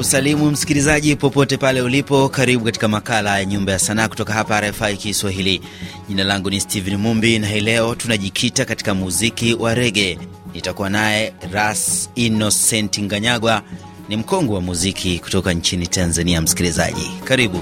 kusalimu msikilizaji popote pale ulipo. Karibu katika makala ya Nyumba ya Sanaa kutoka hapa RFI Kiswahili. Jina langu ni stehen Mumbi na hii leo tunajikita katika muziki wa rege. Nitakuwa naye Ras Innocent Nganyagwa, ni mkongwe wa muziki kutoka nchini Tanzania. Msikilizaji, karibu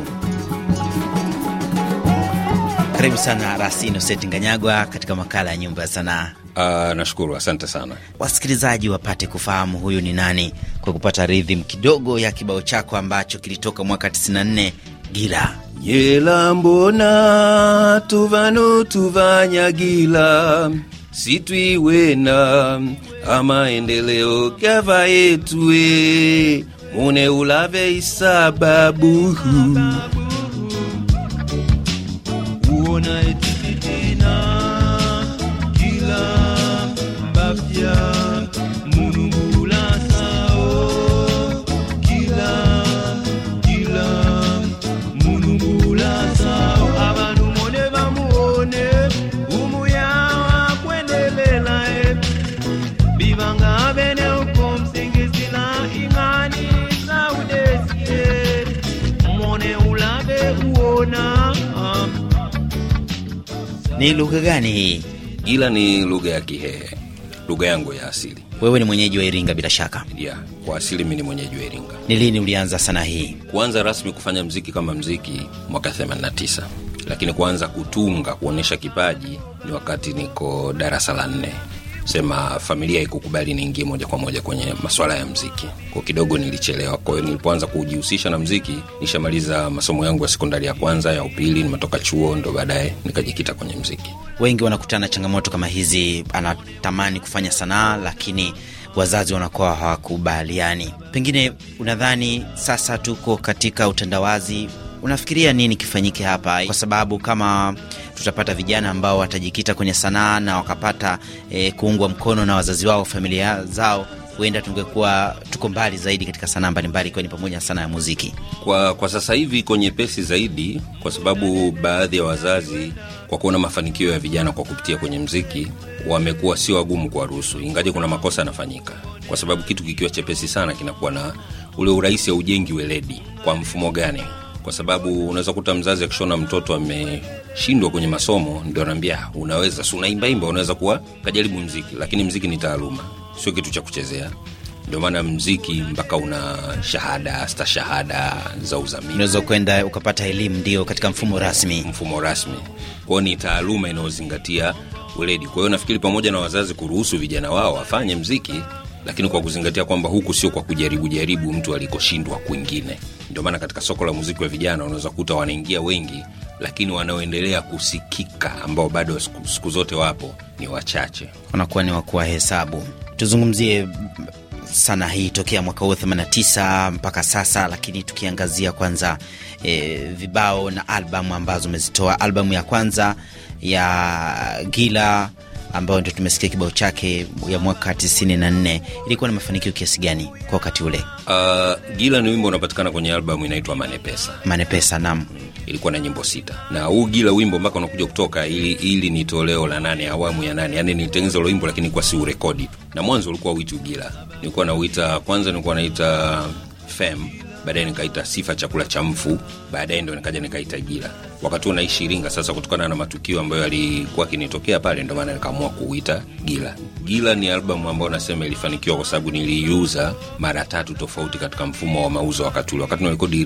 karibu sana Ras Innocent Nganyagwa katika makala ya Nyumba ya Sanaa. Uh, nashukuru, asante sana. Wasikilizaji wapate kufahamu huyu ni nani kwa kupata rhythm kidogo ya kibao chako ambacho kilitoka mwaka 94 Gila yela mbona tuvanu gila situiwena amaendeleo gava yetue mune ulave Ni lugha gani hii? Ila ni lugha ya Kihehe, lugha yangu ya asili. Wewe ni mwenyeji wa Iringa bila shaka? Yeah, kwa asili mi ni mwenyeji wa Iringa. Ni lini ulianza sanaa hii? Kuanza rasmi kufanya mziki kama mziki mwaka 89 lakini kuanza kutunga kuonyesha kipaji ni wakati niko darasa la nne sema familia ikukubali niingie moja kwa moja kwenye maswala ya mziki, kwa kidogo nilichelewa. Kwa hiyo nilipoanza kujihusisha na mziki, nishamaliza masomo yangu ya sekondari ya kwanza, ya upili, nimetoka chuo, ndo baadaye nikajikita kwenye mziki. Wengi wanakutana na changamoto kama hizi, anatamani kufanya sanaa lakini wazazi wanakuwa hawakubaliani. Pengine unadhani sasa tuko katika utandawazi Unafikiria nini kifanyike hapa? Kwa sababu kama tutapata vijana ambao watajikita kwenye sanaa na wakapata e, kuungwa mkono na wazazi wao, familia zao, huenda tungekuwa tuko mbali zaidi katika sanaa mbalimbali, ikiwa ni pamoja na sanaa ya muziki. Kwa, kwa sasa hivi iko nyepesi zaidi, kwa sababu baadhi ya wazazi kwa kuona mafanikio ya vijana kwa kupitia kwenye mziki wamekuwa sio wagumu ruhusu ingaje kuna makosa yanafanyika, kwa sababu kitu kikiwa chepesi sana kinakuwa na ule urahisi ya ujengi weledi. Kwa mfumo gani? kwa sababu unaweza kuta mzazi akishona mtoto ameshindwa kwenye masomo, ndio anaambia unaweza, si unaimbaimba, unaweza kuwa kajaribu mziki, lakini mziki ni taaluma, sio kitu cha kuchezea. Ndio maana mziki mpaka una shahada stashahada za uzamili, unaweza kwenda ukapata elimu, ndio katika mfumo rasmi, mfumo rasmi. Kwao ni taaluma inayozingatia weledi. Kwa hiyo nafikiri pamoja na wazazi kuruhusu vijana wao wafanye mziki lakini kwa kuzingatia kwamba huku sio kwa kujaribu jaribu mtu alikoshindwa kwingine. Ndio maana katika soko la muziki wa vijana unaweza kuta wanaingia wengi, lakini wanaoendelea kusikika ambao bado siku, siku zote wapo ni wachache, wanakuwa ni wakuwa hesabu. Tuzungumzie sana hii tokea mwaka huu 89 mpaka sasa, lakini tukiangazia kwanza e, vibao na albamu ambazo umezitoa. Albamu ya kwanza ya Gila ambayo ndio tumesikia kibao chake ya mwaka 94 ilikuwa na mafanikio kiasi gani kwa wakati ule? Uh, Gila ni wimbo unapatikana kwenye albamu inaitwa Manepesa. Manepesa, naam. Mm, ilikuwa na nyimbo sita na huu Gila wimbo mpaka unakuja kutoka ili, ili ni toleo la nane, awamu ya nane, yani nitengeneza ule wimbo lakini kwa si urekodi na mwanzo ulikuwa uitu Gila, nilikuwa nauita kwanza, nilikuwa naita Fem baadaye nikaita sifa chakula cha mfu, baadaye ndo nikaja nikaita jila. Wakati naishi Iringa sasa, kutokana na matukio ambayo yalikuwa akinitokea pale, ndo maana nikaamua kuita gila. Gila ni albamu ambayo nasema ilifanikiwa kwa sababu niliiuza mara tatu tofauti katika mfumo wa mauzo wakati ule. Wakati narekodi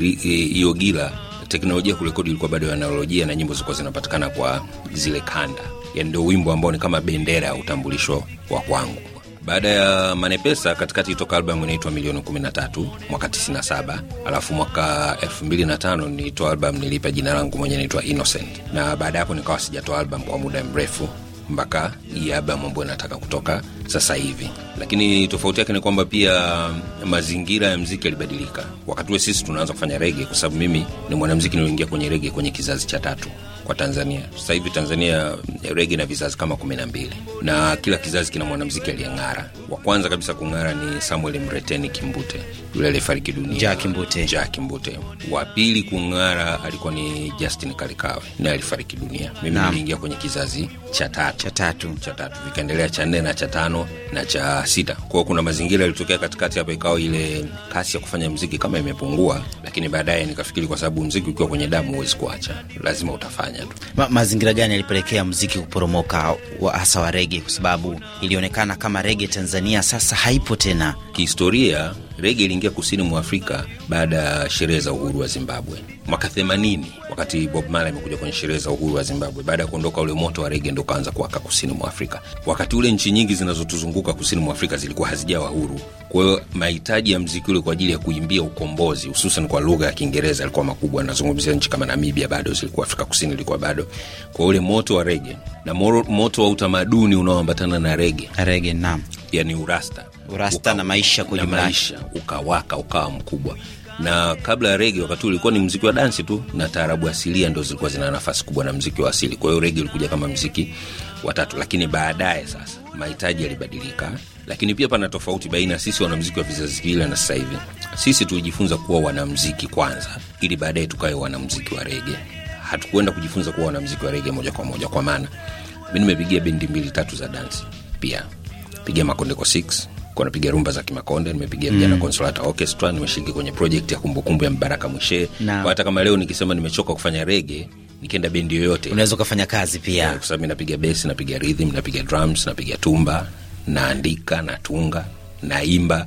hiyo gila, teknolojia kurekodi ilikuwa bado ya analojia na nyimbo zilikuwa zinapatikana kwa zile kanda, yani ndio wimbo ambao ni kama bendera ya utambulisho wa kwangu baada ya Manepesa katikati itoka albamu inaitwa Milioni 13 mwaka 97, alafu mwaka 25 nitoa albamu nilipa jina langu mwenye naitwa Innocent, na baada ya hapo nikawa sijatoa albamu kwa muda mrefu mpaka hii albamu ambayo inataka kutoka sasa hivi. Lakini tofauti yake ni kwamba pia mazingira ya mziki yalibadilika. Wakati ule sisi tunaanza kufanya rege, kwa sababu mimi ni mwanamziki nilioingia kwenye rege kwenye kizazi cha tatu kwa Tanzania. Sasa hivi Tanzania eh, rege na vizazi kama kumi na mbili na kila kizazi kina mwanamziki aliyeng'ara. Wa kwanza kabisa kung'ara ni Samuel Mreteni Kimbute, yule aliyefariki dunia Ja Kimbute. Ja Kimbute. Wa pili kung'ara alikuwa ni Justin Kalikawe, naye alifariki dunia. Mimi niliingia kwenye kizazi cha tatu cha tatu cha tatu, vikaendelea cha nne na cha tano na cha sita. Kwao kuna mazingira yalitokea katikati hapa, ikawa ile kasi ya kufanya mziki kama imepungua, lakini baadaye nikafikiri kwa sababu mziki ukiwa kwenye damu huwezi kuacha, lazima utafanya kufanya tu. Ma, mazingira gani yalipelekea mziki kuporomoka wa hasa wa rege, kwa sababu ilionekana kama rege Tanzania sasa haipo tena kihistoria Rege iliingia kusini mwa Afrika baada ya sherehe za uhuru wa Zimbabwe mwaka 80 wakati Bob mara amekuja kwenye sherehe za uhuru wa Zimbabwe. Baada ya kuondoka ule moto wa rege ndo ukaanza kuwaka kusini mwa Afrika. Wakati ule nchi nyingi zinazotuzunguka kusini mwa Afrika zilikuwa hazijawa huru, kwa hiyo mahitaji ya mziki ule kwa ajili ya kuimbia ukombozi, hususan kwa lugha ya Kiingereza alikuwa makubwa. Nazungumzia nchi kama Namibia bado zilikuwa, Afrika Kusini ilikuwa bado, kwa ule moto wa rege na moro, moto wa utamaduni unaoambatana na rege, rege naam yani urasta urasta uka, na maisha kwenye maisha ukawaka ukawa mkubwa na kabla ya rege wakati ulikuwa ni mziki wa dansi tu na taarabu asilia ndo zilikuwa zina nafasi kubwa na mziki wa asili kwa hiyo rege ulikuja kama mziki watatu lakini baadaye sasa mahitaji yalibadilika lakini pia pana tofauti baina sisi wanamziki wa vizazi vile na sasa hivi sisi tulijifunza kuwa wanamziki kwanza ili baadaye tukawe wanamziki wa rege hatukuenda kujifunza kuwa wanamziki wa rege moja kwa moja kwa maana mi nimepigia bendi mbili tatu za dansi pia piga makonde kwa six napiga rumba za Kimakonde, nimepiga vijana mm. Consolata Orchestra, nimeshiriki kwenye project ya kumbukumbu ya Mbaraka Mwishe. Hata kama leo nikisema nimechoka kufanya rege, nikienda bendi yoyote unaweza ukafanya kazi pia, eh, kwa sababu napiga besi, napiga rhythm, napiga drums, napiga tumba, naandika, natunga, naimba.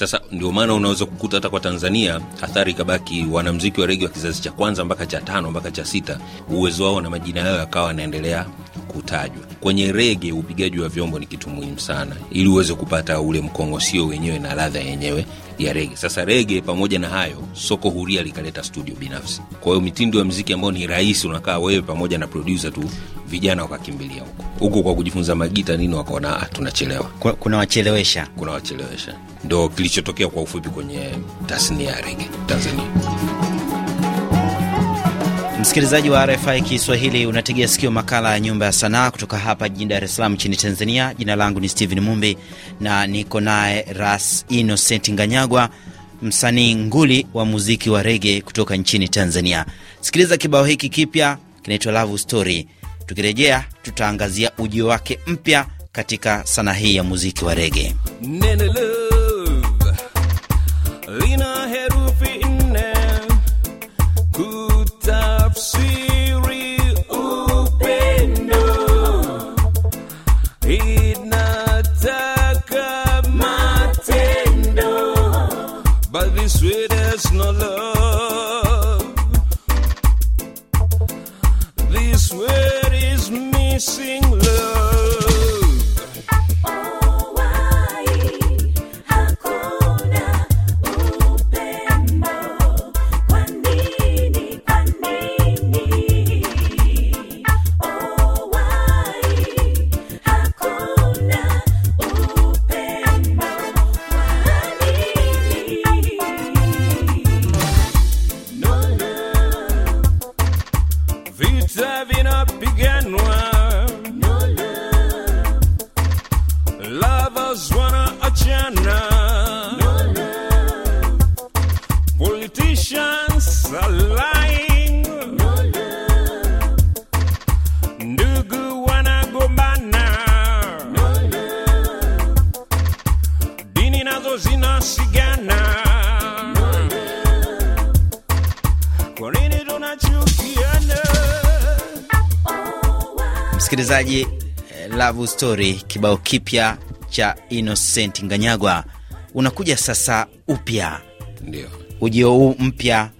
Sasa ndio maana unaweza kukuta hata kwa Tanzania athari ikabaki, wanamziki wa rege wa kizazi cha kwanza mpaka cha tano mpaka cha sita, uwezo wao na majina yao yakawa wanaendelea kutajwa kwenye rege. Upigaji wa vyombo ni kitu muhimu sana, ili uweze kupata ule mkongo sio wenyewe na ladha yenyewe ya rege. Sasa rege pamoja na hayo, soko huria likaleta studio binafsi. Kwa hiyo mitindo ya mziki ambayo ni rahisi, unakaa wewe pamoja na produsa tu, vijana wakakimbilia huko huko kwa kujifunza magita nini, wakaona ah, tunachelewa, kuna wachelewesha, kuna wachelewesha. Ndo kilichotokea kwa ufupi kwenye tasnia ya rege Tanzania. Msikilizaji wa RFI Kiswahili, unategea sikio makala ya Nyumba ya Sanaa kutoka hapa jijini Dar es Salaam nchini Tanzania. Jina langu ni stephen Mumbi na niko naye Ras Innocent Nganyagwa, msanii nguli wa muziki wa rege kutoka nchini Tanzania. Sikiliza kibao hiki kipya kinaitwa Love Story. Tukirejea tutaangazia ujio wake mpya katika sanaa hii ya muziki wa rege. msikilizaji, eh, Love Story, kibao kipya cha Innocent Nganyagwa unakuja sasa upya. Ndio ujio huu mpya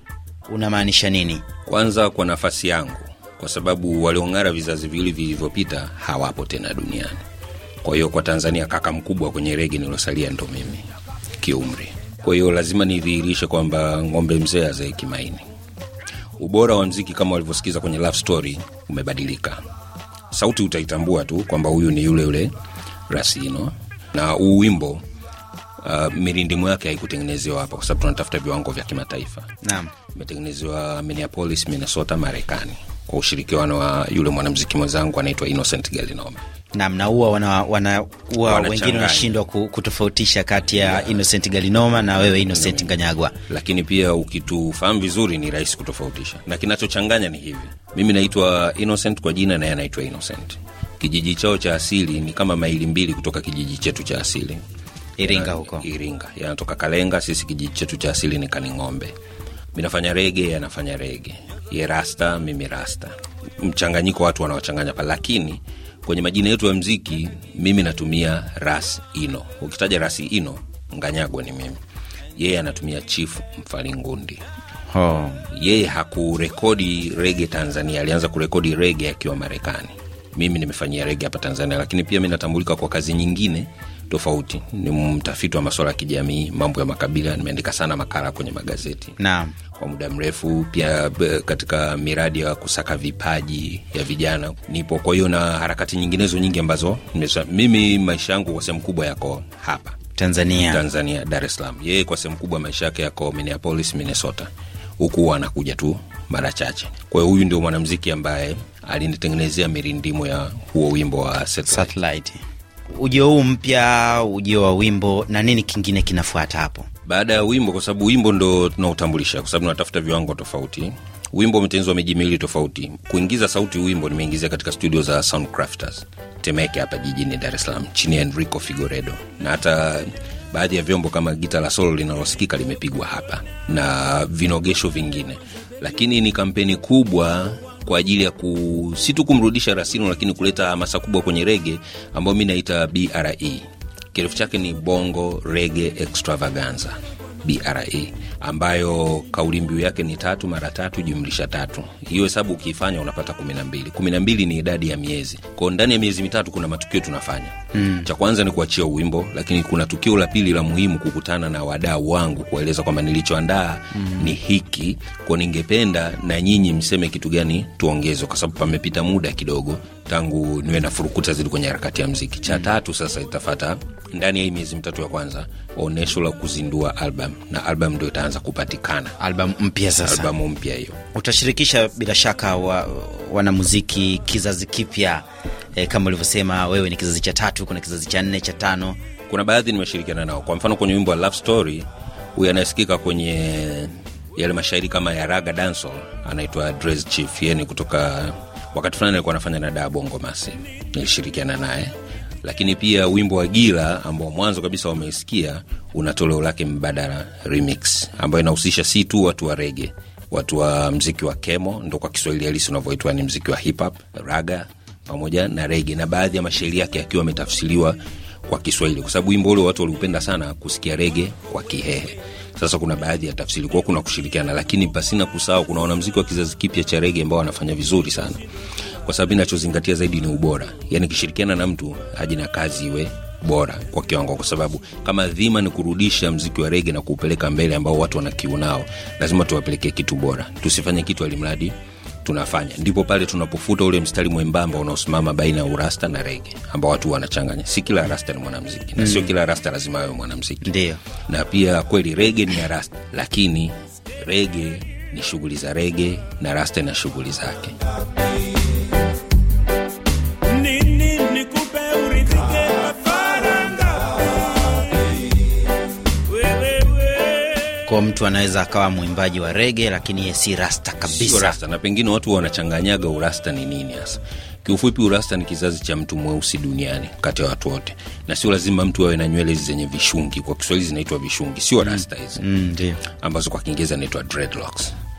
unamaanisha nini? Kwanza kwa nafasi yangu, kwa sababu waliong'ara vizazi viwili vilivyopita hawapo tena duniani. Kwa hiyo kwa Tanzania, kaka mkubwa kwenye rege nilosalia ndo mimi kiumri. Kwa hiyo lazima nidhihirishe kwamba ng'ombe mzee azae kimaini. Ubora wa mziki kama walivyosikiza kwenye Love Story umebadilika sauti utaitambua tu kwamba huyu ni yule yule Rasino, na huu wimbo Uh, mirindimo yake haikutengenezewa hapa kwa sababu tunatafuta viwango vya kimataifa. Naam, imetengenezewa Minneapolis, Minnesota, Marekani kwa ushirikiano wa yule mwanamziki mwenzangu anaitwa Innocent Galinoma. Nam na huwa wana, wana, wana wengine wanashindwa kutofautisha kati ya yeah. Innocent Galinoma na wewe Innocent mm. Nganyagwa, lakini pia ukitufahamu vizuri ni rahisi kutofautisha, na kinachochanganya ni hivi: mimi naitwa Innocent kwa jina, naye anaitwa Innocent. Kijiji chao cha asili ni kama maili mbili kutoka kijiji chetu cha asili Iringa, huko Iringa yanatoka Kalenga. Sisi kijiji chetu cha asili ni Kaning'ombe. Mi nafanya rege, anafanya rege, ye rasta, mimi rasta, mchanganyiko watu wanawachanganya pale, lakini kwenye majina yetu ya mziki, mimi natumia Ras Ino. Ukitaja Ras Ino, Nganyagwa ni mimi, yeye anatumia Chief Mfalingundi. Oh. Yeye hakurekodi rege Tanzania, alianza kurekodi rege akiwa Marekani. Mimi nimefanyia rege hapa Tanzania, lakini pia mi natambulika kwa kazi nyingine tofauti. Ni mtafiti wa maswala ya kijamii, mambo ya makabila, nimeandika sana makala kwenye magazeti na. kwa muda mrefu. Pia katika miradi ya kusaka vipaji ya vijana nipo, kwa hiyo na harakati nyinginezo nyingi ambazo mimi maisha yangu kwa sehemu kubwa yako hapa Tanzania, Tanzania, Dar es Salaam. Yeye kwa sehemu kubwa maisha yake yako Minneapolis, Minnesota, huku anakuja tu mara chache. Kwa hiyo huyu ndio mwanamziki ambaye alinitengenezea mirindimo ya huo wimbo wa satellite. Satellite ujio huu mpya, ujio wa wimbo na nini kingine kinafuata hapo baada ya wimbo? Kwa sababu wimbo ndo tunautambulisha, kwa sababu natafuta viwango tofauti wimbo umetengenezwa miji miwili tofauti. Kuingiza sauti wimbo nimeingizia katika studio za Soundcrafters Temeke hapa jijini Dar es Salaam chini ya Enrico Figoredo, na hata baadhi ya vyombo kama gita la solo linalosikika limepigwa hapa na vinogesho vingine, lakini ni kampeni kubwa kwa ajili ya ku, si tu kumrudisha Rasino, lakini kuleta hamasa kubwa kwenye rege ambayo mi naita BRE. Kirefu chake ni Bongo Rege Extravaganza, BRE ambayo kauli mbiu yake ni tatu mara tatu jumlisha tatu. Hiyo hesabu ukiifanya unapata kumi na mbili. Kumi na mbili ni idadi ya miezi kwao. Ndani ya miezi mitatu kuna matukio tunafanya mm. Cha kwanza ni kuachia uwimbo, lakini kuna tukio la pili la muhimu, kukutana na wadau wangu, kueleza kwamba nilichoandaa mm. ni hiki, kwa ningependa na nyinyi mseme kitu gani tuongeze, kwa sababu pamepita muda kidogo tangu niwe na furukuta zili kwenye harakati ya mziki. Cha hmm. tatu sasa itafata ndani ya hii miezi mitatu ya kwanza, onyesho la kuzindua albam na albam ndo itaanza zitaanza kupatikana, albamu mpya sasa, albamu mpya hiyo utashirikisha bila shaka wa, wanamuziki kizazi kipya e, kama ulivyosema wewe ni kizazi cha tatu, kuna kizazi cha nne cha tano. Kuna baadhi nimeshirikiana nao, kwa mfano kwenye wimbo wa Love Story, huyu anayesikika kwenye yale mashairi kama ya raga dancehall anaitwa Dress Chief, yeye ni kutoka wakati fulani alikuwa anafanya na Da Bongo Masi, nilishirikiana naye lakini pia wimbo wa Gila ambao mwanzo kabisa wameisikia una toleo lake mbadala remix, ambayo inahusisha si tu watu wa rege, watu wa mziki wa kemo, ndo kwa Kiswahili halisi unavyoitwa ni mziki wa hip hop, raga pamoja na rege, na baadhi ya mashairi yake akiwa yametafsiriwa kwa Kiswahili, kwa sababu wimbo ule watu waliupenda sana kusikia rege kwa Kihehe. Sasa kuna baadhi ya tafsiri kwao, kuna kushirikiana, lakini pasina kusahau kuna wanamziki wa kizazi kipya cha rege ambao wanafanya vizuri sana kwa sababu inachozingatia zaidi ni ubora, yani kishirikiana na mtu aje na kazi iwe bora kwa kiwango, kwa sababu kama dhima ni kurudisha mziki wa rege na kuupeleka mbele, ambao watu wana kiu nao, lazima tuwapelekee kitu bora, tusifanye kitu alimradi tunafanya ndipo pale tunapofuta ule mstari mwembamba unaosimama baina ya urasta na rege ambao watu wanachanganya. Si kila rasta ni mwanamziki na mm. sio kila rasta lazima awe mwanamziki, ndio. Na pia kweli rege ni ya rasta, lakini rege ni shughuli za rege na rasta ina shughuli zake. kwa mtu anaweza akawa mwimbaji wa rege lakini ye si rasta kabisa rasta. Na pengine watu wanachanganyaga urasta ni nini hasa. Kiufupi, urasta ni kizazi cha mtu mweusi duniani kati ya watu wote, na sio lazima mtu awe na nywele hizi zenye vishungi. Kwa Kiswahili zinaitwa vishungi, sio mm. rasta hizi mm, ambazo kwa Kiingereza inaitwa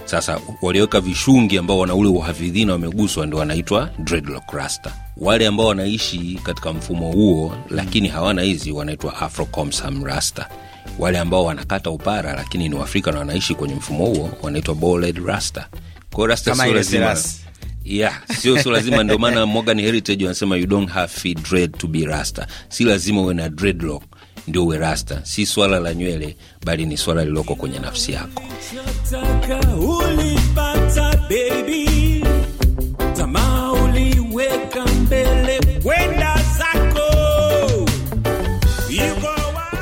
Sasa walioweka vishungi ambao wana ule uhafidhina wameguswa, ndo wanaitwa dreadlock rasta. Wale ambao wanaishi katika mfumo huo lakini hawana hizi wanaitwa afrocomsam rasta. Wale ambao wanakata upara lakini ni Waafrika na wanaishi kwenye mfumo huo wanaitwa bold rasta. rasta sio lazima yeah, sio sio lazima. Ndio maana Morgan Heritage wanasema you don't have dread to be rasta. Si lazima uwe na dreadlock ndio uwe rasta. Si swala la nywele, bali ni swala liloko kwenye nafsi yako.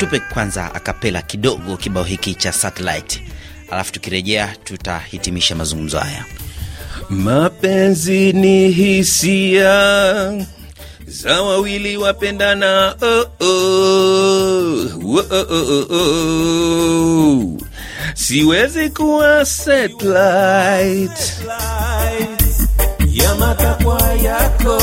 tupe kwanza akapela kidogo kibao hiki cha satellite, alafu tukirejea tutahitimisha mazungumzo haya. Mapenzi ni hisia za wawili wapendana, oh, oh, oh, oh, oh, oh. Siwezi kuwa satellite ya matakwa yako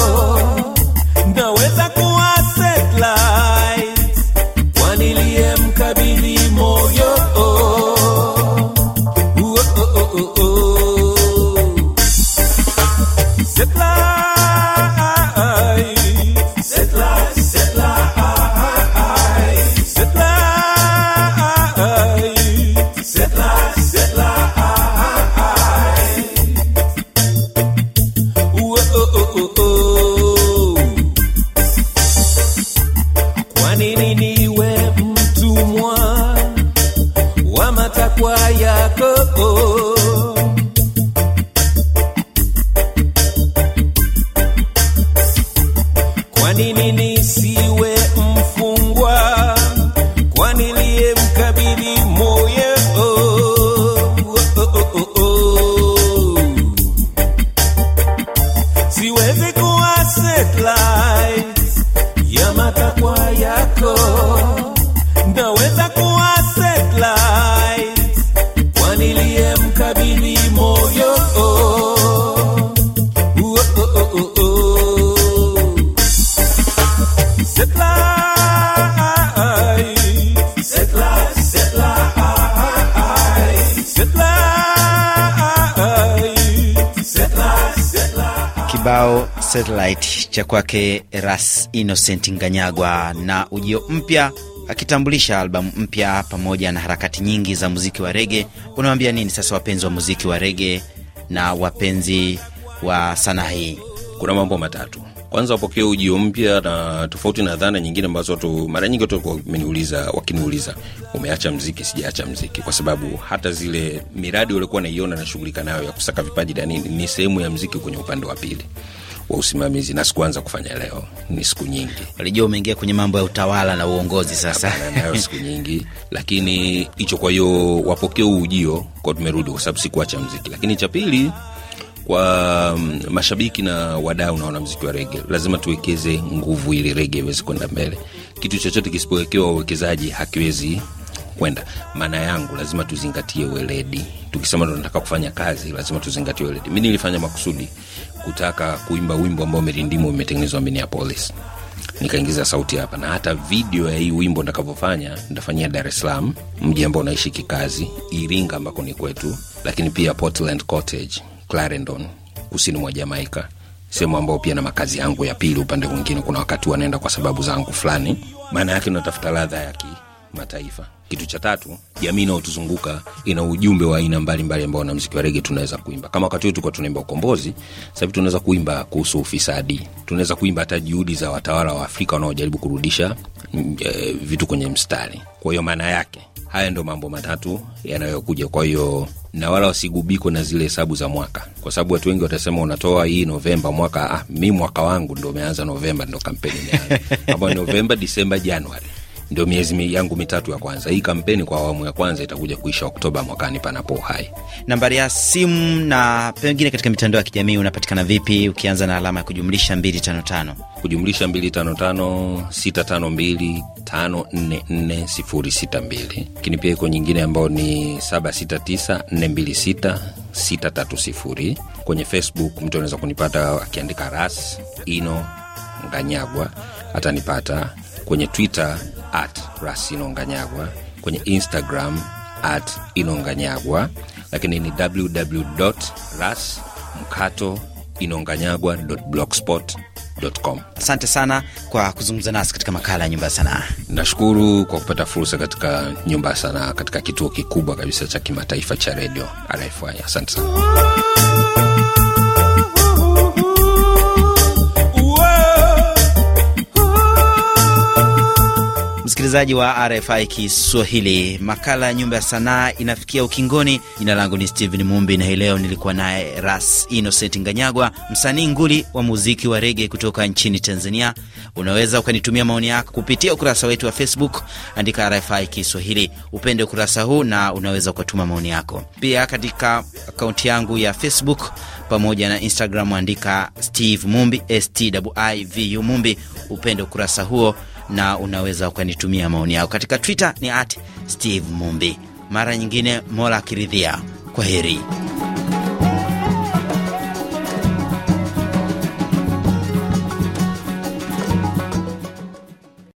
Kibao satellite cha kwake Ras Innocent Nganyagwa na ujio mpya akitambulisha albamu mpya pamoja na harakati nyingi za muziki wa rege. Unawambia nini sasa wapenzi wa muziki wa rege na wapenzi wa sanaa hii? Kuna mambo matatu kwanza wapokee ujio mpya na tofauti na dhana nyingine ambazo watu mara nyingi watu wameniuliza wakiniuliza umeacha mziki sijaacha mziki kwa sababu hata zile miradi waliokuwa naiona nashughulika nayo ya kusaka vipaji na nini ni sehemu ya mziki kwenye upande wa pili wa usimamizi na sikuanza kufanya leo ni siku nyingi walijua umeingia kwenye mambo ya utawala na uongozi sasa nayo siku nyingi lakini hicho kwa hiyo wapokee ujio kwa tumerudi kwa sababu sikuacha mziki lakini cha pili kwa mm, mashabiki na wadau na wanamziki wa rege, lazima tuwekeze nguvu ili rege iweze kwenda mbele. Kitu chochote kisipowekewa uwekezaji hakiwezi kwenda. Maana yangu lazima tuzingatie weledi. Tukisema tunataka kufanya kazi, lazima tuzingatie weledi. Mi nilifanya makusudi kutaka kuimba wimbo ambao umerindimwa, imetengenezwa Minneapolis, nikaingiza sauti hapa, na hata video ya hii wimbo ntakavyofanya ntafanyia Dar es Salaam, mji ambao unaishi kikazi, Iringa ambako ni kwetu, lakini pia Portland Cottage Clarendon, kusini mwa Jamaika, sehemu ambayo pia na makazi yangu ya pili upande mwingine. Kuna wakati wanaenda kwa sababu zangu fulani, maana yake natafuta ladha ya kimataifa. Kitu cha tatu, jamii inayotuzunguka ina ujumbe wa aina mbalimbali ambao na mziki wa rege tunaweza kuimba. Kama wakati wetu tunaimba ukombozi, sahivi tunaweza kuimba kuhusu ufisadi, tunaweza kuimba hata juhudi za watawala wa Afrika wanaojaribu kurudisha e, vitu kwenye mstari. Kwa hiyo maana yake haya ndo mambo matatu yanayokuja. Kwa hiyo na wala wasigubikwe na zile hesabu za mwaka, kwa sababu watu wengi watasema unatoa hii Novemba mwaka ah, mi mwaka wangu ndo umeanza Novemba, ndo kampeni imeanza ambao Novemba, Disemba, Januari ndio miezi yangu mitatu ya kwanza. Hii kampeni kwa awamu ya kwanza itakuja kuisha Oktoba mwakani, panapo uhai. Nambari ya simu na pengine katika mitandao ya kijamii unapatikana vipi? Ukianza na alama ya kujumlisha 255 kujumlisha 255 652 lakini pia iko nyingine ambayo ni 769 Kwenye Facebook mtu anaweza kunipata akiandika ras ino Nganyagwa atanipata. Kwenye Twitter at rasinonganyagwa kwenye instagram at inonganyagwa lakini ni www ras mkato inonganyagwa blogspot Com. Asante sana kwa kuzungumza nasi katika makala ya Nyumba ya Sanaa. Nashukuru kwa kupata fursa katika Nyumba ya Sanaa, katika kituo kikubwa kabisa cha kimataifa cha redio RFI. Asante sana. Msikilizaji wa RFI Kiswahili, makala ya Nyumba ya Sanaa inafikia ukingoni. Jina langu ni Steven Mumbi na hii leo nilikuwa naye Ras Innocent Nganyagwa, msanii nguli wa muziki wa rege kutoka nchini Tanzania. Unaweza ukanitumia maoni yako kupitia ukurasa wetu wa Facebook, andika RFI Kiswahili, upende ukurasa huu na unaweza ukatuma maoni yako pia katika akaunti yangu ya Facebook pamoja na Instagram, andika Steve Mumbi, Stwivu Mumbi, upende ukurasa huo na unaweza ukanitumia maoni yao katika Twitter ni at Steve Mumbi. Mara nyingine, Mola akiridhia, kwa heri.